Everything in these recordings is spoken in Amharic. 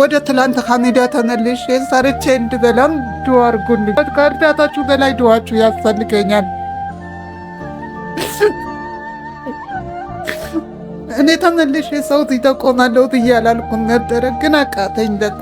ወደ ትላንት ሐሜዳ ተመልሼ ሰርቼ እንድበላም ድዋ አድርጉልኝ። ከእርዳታችሁ በላይ ድዋችሁ ያስፈልገኛል። እኔ ተመልሼ ሰውት እያላልኩ ነበረ፣ ግን አቃተኝ። በጣም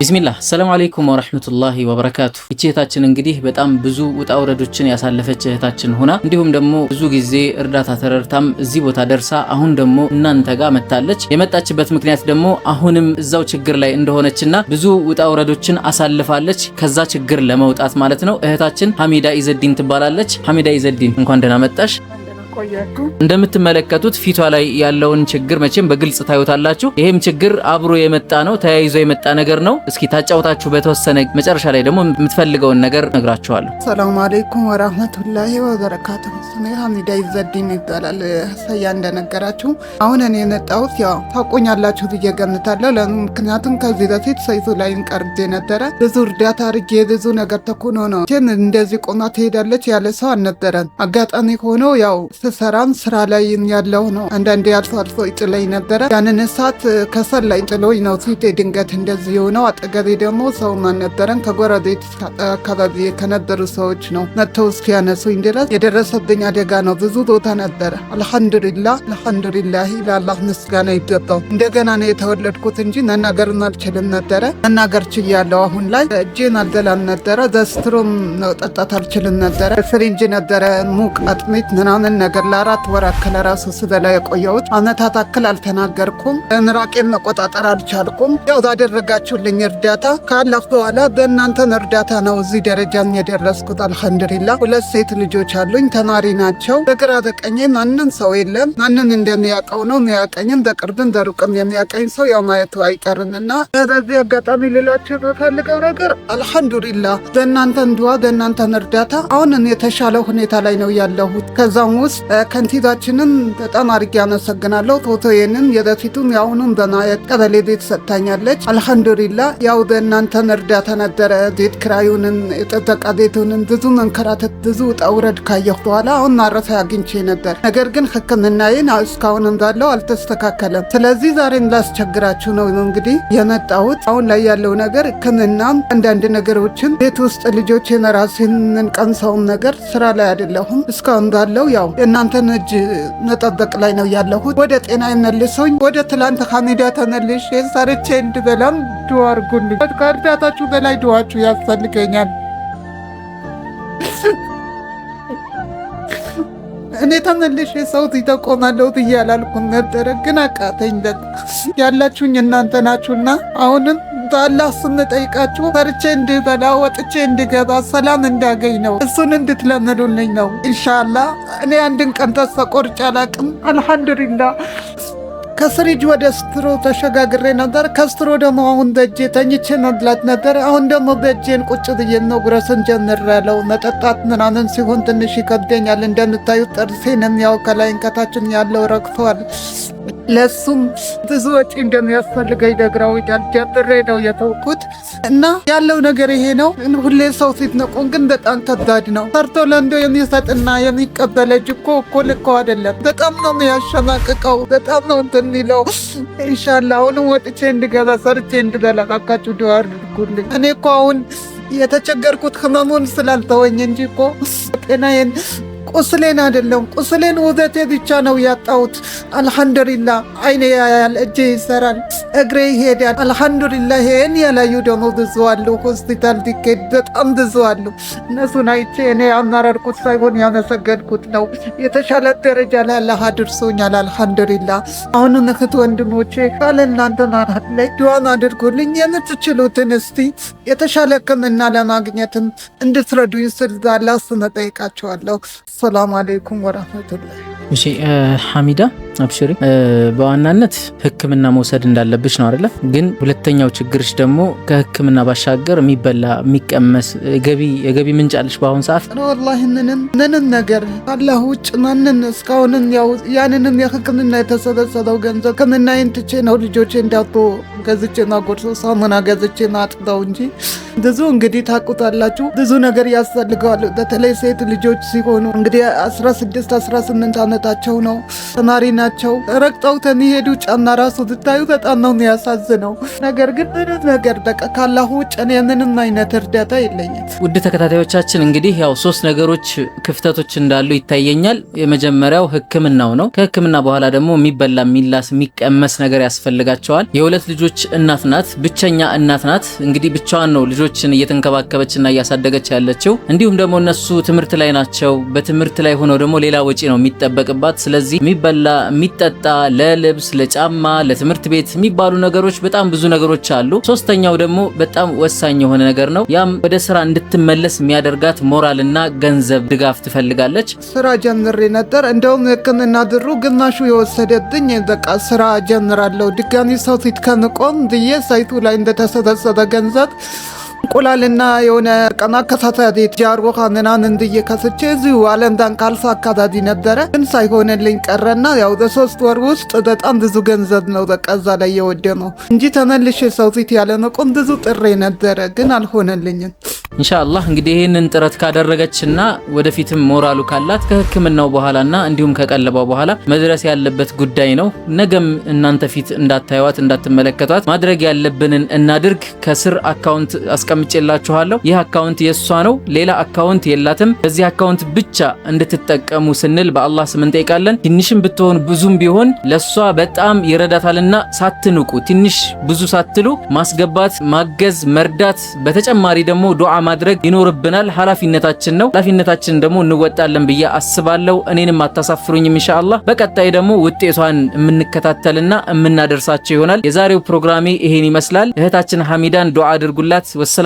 ቢስሚላህ። ሰላም አለይኩም ወረሕመቱላሂ ወበረካቱ። እቺ እህታችን እንግዲህ በጣም ብዙ ውጣ ውረዶችን ያሳለፈች እህታችን ሆና እንዲሁም ደግሞ ብዙ ጊዜ እርዳታ ተረድታም እዚህ ቦታ ደርሳ አሁን ደግሞ እናንተ ጋር መታለች። የመጣችበት ምክንያት ደግሞ አሁንም እዛው ችግር ላይ እንደሆነችና ብዙ ውጣ ውረዶችን አሳልፋለች። ከዛ ችግር ለመውጣት ማለት ነው። እህታችን ሀሚዳ ኢዘዲን ትባላለች። ሀሚዳ ኢዘዲን እንኳን ደህና መጣሽ። ቆያችሁ። እንደምትመለከቱት ፊቷ ላይ ያለውን ችግር መቼም በግልጽ ታዩታላችሁ። ይህም ችግር አብሮ የመጣ ነው፣ ተያይዞ የመጣ ነገር ነው። እስኪ ታጫውታችሁ በተወሰነ መጨረሻ ላይ ደግሞ የምትፈልገውን ነገር ነግራችኋለሁ። ሰላም አሌይኩም ወራህመቱላሂ ወበረካቱሁ ሀሚዳ ይዘድኝ ይባላል። ሰያ እንደነገራችሁ አሁን እኔ የመጣሁት ያው ታቆኛላችሁ ብዬ ገምታለሁ። ምክንያቱም ከዚህ በፊት ሰይቱ ላይም ቀርቤ ነበረ። ብዙ እርዳታ አድርጌ ብዙ ነገር ተኩኖ ነው ግን እንደዚህ ቆማ ትሄዳለች ያለ ሰው አልነበረን። አጋጣሚ ሆኖ ያው ስሰራም ስራ ላይ ያለው ነው። አንዳንዴ አልፎ አልፎ ይጥለኝ ነበረ። ያንን እሳት ከሰል ላይ ጥሎኝ ነው ፊቴ ድንገት እንደዚህ የሆነው። አጠገቤ ደግሞ ሰውም አልነበረን። ከጎረቤት አካባቢ ከነበሩ ሰዎች ነው መጥተው እስኪያነሱኝ ድረስ የደረሰብኝ አደጋ ነው። ብዙ ቦታ ነበረ። አልሐምዱሊላ አልሐምዱሊላ ለአላህ ምስጋና ይገባው። እንደገና ነው የተወለድኩት እንጂ መናገርን አልችልም ነበረ። መናገር ችያለሁ አሁን ላይ። እጄን አልዘላም ነበረ። ዘስትሮም ጠጣት አልችልም ነበረ። ፍሪንጅ ነበረ ሙቅ አጥሚት ምናምን ነገር ለአራት ወር አክል ራሱ ስበላ የቆየሁት አመታት አክል አልተናገርኩም። ምራቄን መቆጣጠር አልቻልኩም። ያው ባደረጋችሁልኝ እርዳታ ካለፍ በኋላ በእናንተን እርዳታ ነው እዚህ ደረጃ የደረስኩት። አልሐምዱሊላ ሁለት ሴት ልጆች አሉኝ ተማሪ ናቸው። በግራ በቀኜ ማንም ሰው የለም። ማንም እንደሚያውቀው ነው የሚያቀኝም በቅርብም በሩቅም የሚያቀኝ ሰው ያው ማየቱ አይቀርምና በዚህ አጋጣሚ ልላቸው የምፈልገው ነገር አልሐምዱሊላ በእናንተ እንድዋ በእናንተ እርዳታ አሁንን የተሻለ ሁኔታ ላይ ነው ያለሁት። ከዛም ውስጥ ከንቲባችንም በጣም አድርጌ አመሰግናለሁ። ፎቶዬንም የበፊቱም የአሁኑም በማየት ቀበሌ ቤት ሰጥታኛለች። አልሐምዱሊላ ያው በእናንተን እርዳታ ነበረ ቤት ክራዩንም የጠበቃ ቤቱንም ብዙ መንከራተት ብዙ ውጣ ውረድ ካየሁ በኋላ እስካሁን ማረፊያ አግኝቼ ነበር። ነገር ግን ህክምናዬን እስካሁን እንዳለው አልተስተካከለም። ስለዚህ ዛሬ ላስቸግራችሁ ነው እንግዲህ የመጣሁት። አሁን ላይ ያለው ነገር ህክምናም፣ አንዳንድ ነገሮችን ቤት ውስጥ ልጆች የመራሴን ቀንሰውን ነገር ስራ ላይ አይደለሁም። እስካሁን እንዳለው ያው የእናንተን እጅ መጠበቅ ላይ ነው ያለሁት። ወደ ጤና የመልሶኝ ወደ ትላንት ሐሜዳ ተመልሽ የሳርቼ እንድበላም ድዋ አድርጉልኝ። ከእርዳታችሁ በላይ ድዋችሁ ያስፈልገኛል። እኔ ተመልሼ ሰው ይጠቆማለሁ እያላልኩ ነበረ፣ ግን አቃተኝ። በቃ ያላችሁኝ እናንተ ናችሁና አሁንም አላህ ስንጠይቃችሁ ፈርቼ እንድበላ ወጥቼ እንድገባ ሰላም እንዳገኝ ነው። እሱን እንድትለምዱልኝ ነው። ኢንሻላህ እኔ አንድን ቀን ተስፋ ቆርጬ አላቅም። አልሐምዱሊላህ ከስሪጅ ወደ ስትሮ ተሸጋግሬ ነበር። ከስትሮ ደግሞ አሁን በእጄ ተኝቼ መብላት ነበር። አሁን ደግሞ በእጄን ቁጭ ብዬ ነው ጉረስን ያለው መጠጣት ምናምን ሲሆን ትንሽ ይከብደኛል። እንደምታዩት ጥርሴንም ያው ከላይን ከታችን ያለው ረግቷል። ለሱም ብዙ ወጪ እንደሚያስፈልገኝ ነግረውኛል። ጀምሬ ነው የተውኩት እና ያለው ነገር ይሄ ነው። ሁሌ ሰው ፊት ነቁን ግን በጣም ከባድ ነው። ሰርቶ ለንዶ የሚሰጥና የሚቀበለ እኮ እኮ ልኮ አይደለም። በጣም ነው የሚያሸማቅቀው። በጣም ነው እንትን የሚለው። ኢንሻላ አሁንም ወጥቼ እንድገዛ ሰርቼ እንድበላ ካካችሁ ድዋ አድርጉልኝ። እኔ እኮ አሁን የተቸገርኩት ህመሙን ስላልተወኝ እንጂ እኮ ጤናዬን ቁስሌን አይደለም ቁስሌን ውበቴ ብቻ ነው ያጣሁት። አልሐምዱሊላ አይኔ ያያል፣ እጄ ይሰራል፣ እግሬ ይሄዳል። አልሐምዱሊላ ይሄን ያላዩ ደግሞ ብዙ አሉ። ሆስፒታል ቢኬድ በጣም ብዙ አሉ። እነሱን አይቼ እኔ ያማረርኩት ሳይሆን ያመሰገድኩት ነው። የተሻለ ደረጃ ላይ አላህ አድርሶኛል። አልሐምዱሊላ አሁን እህት ወንድሞቼ ካለ እናንተ ማራት ላይ ድዋን አድርጉልኝ የምትችሉትን እስቲ የተሻለ ሕክምና ለማግኘትም እንድትረዱኝ ስል ዛላ ስመጠይቃቸዋለሁ። ሰላም አሌይኩም ወራህመቱላ። እሺ ሐሚዳ አብሽሪ በዋናነት ህክምና መውሰድ እንዳለብሽ ነው አይደለ? ግን ሁለተኛው ችግርሽ ደግሞ ከህክምና ባሻገር የሚበላ የሚቀመስ የገቢ ምንጭ አለሽ በአሁን ሰዓት? ወላሂ ምንም ነገር አላህ ውጭ ማንን እስካሁንም ያው ያንንም የህክምና የተሰበሰበው ገንዘብ ህክምናዬን ይንትቼ ነው ልጆቼ እንዳቶ ገዝቼ ና ጎድሶ ሳሙና ገዝቼ ና አጥበው እንጂ ብዙ እንግዲህ ታቁታላችሁ፣ ብዙ ነገር ያስፈልገዋል። በተለይ ሴት ልጆች ሲሆኑ እንግዲህ 16 18 ዓመታቸው ነው ተማሪና ናቸው። ረግጠውተን የሄዱ ጫና ራሱ ስታዩ በጣም ነው የሚያሳዝነው። ነገር ግን ምንም ነገር በቃ ካላሁ ውጭ እኔ ምንም አይነት እርዳታ የለኝም። ውድ ተከታታዮቻችን እንግዲህ ያው ሶስት ነገሮች ክፍተቶች እንዳሉ ይታየኛል። የመጀመሪያው ህክምናው ነው። ከህክምና በኋላ ደግሞ የሚበላ የሚላስ የሚቀመስ ነገር ያስፈልጋቸዋል። የሁለት ልጆች እናት ናት፣ ብቸኛ እናት ናት። እንግዲህ ብቻዋን ነው ልጆችን እየተንከባከበች እየተንከባከበችና እያሳደገች ያለችው። እንዲሁም ደግሞ እነሱ ትምህርት ላይ ናቸው። በትምህርት ላይ ሆነው ደግሞ ሌላ ወጪ ነው የሚጠበቅባት። ስለዚህ የሚበላ የሚጠጣ፣ ለልብስ፣ ለጫማ፣ ለትምህርት ቤት የሚባሉ ነገሮች በጣም ብዙ ነገሮች አሉ። ሶስተኛው ደግሞ በጣም ወሳኝ የሆነ ነገር ነው። ያም ወደ ስራ እንድትመለስ የሚያደርጋት ሞራልና ገንዘብ ድጋፍ ትፈልጋለች። ስራ ጀምሬ ነበር። እንደውም ሕክምና ብሩ ግማሹ የወሰደብኝ በቃ ስራ ጀምራለሁ ድጋሚ ሰው ፊት ከመቆም ብዬ ሳይቱ ላይ እንደተሰበሰበ ገንዘብ እንቁላልና የሆነ ቀና ከሳታዲ ጃርቦ ካንናን እንድየ ከስቼ እዚሁ አለምዳን ካልሳ አካታዲ ነበረ፣ ግን ሳይሆንልኝ ቀረና ያው በሶስት ወር ውስጥ በጣም ብዙ ገንዘብ ነው በቃ እዛ ላይ ነው እንጂ ተመልሼ ሰውፊት ያለ ነቁም ብዙ ጥሬ ነበረ፣ ግን አልሆነልኝም። ኢንሻአላህ እንግዲህ ይህንን ጥረት ካደረገችና ወደፊትም ሞራሉ ካላት ከህክምናው በኋላና እንዲሁም ከቀለባው በኋላ መድረስ ያለበት ጉዳይ ነው። ነገም እናንተ ፊት እንዳታዩዋት እንዳትመለከቷት ማድረግ ያለብንን እናድርግ። ከስር አካውንት አስቀ አስቀምጬላችኋለሁ። ይህ አካውንት የእሷ ነው፣ ሌላ አካውንት የላትም። በዚህ አካውንት ብቻ እንድትጠቀሙ ስንል በአላህ ስም እንጠይቃለን። ትንሽም ብትሆን ብዙም ቢሆን ለእሷ በጣም ይረዳታልና ሳትንቁ፣ ትንሽ ብዙ ሳትሉ ማስገባት፣ ማገዝ፣ መርዳት፣ በተጨማሪ ደግሞ ዱዓ ማድረግ ይኖርብናል። ኃላፊነታችን ነው። ኃላፊነታችን ደግሞ እንወጣለን ብዬ አስባለሁ። እኔንም አታሳፍሩኝም ኢንሻአላህ። በቀጣይ ደግሞ ውጤቷን የምንከታተልና የምናደርሳቸው ይሆናል። የዛሬው ፕሮግራሜ ይሄን ይመስላል። እህታችን ሐሚዳን ዱዓ አድርጉላት። ወሰላ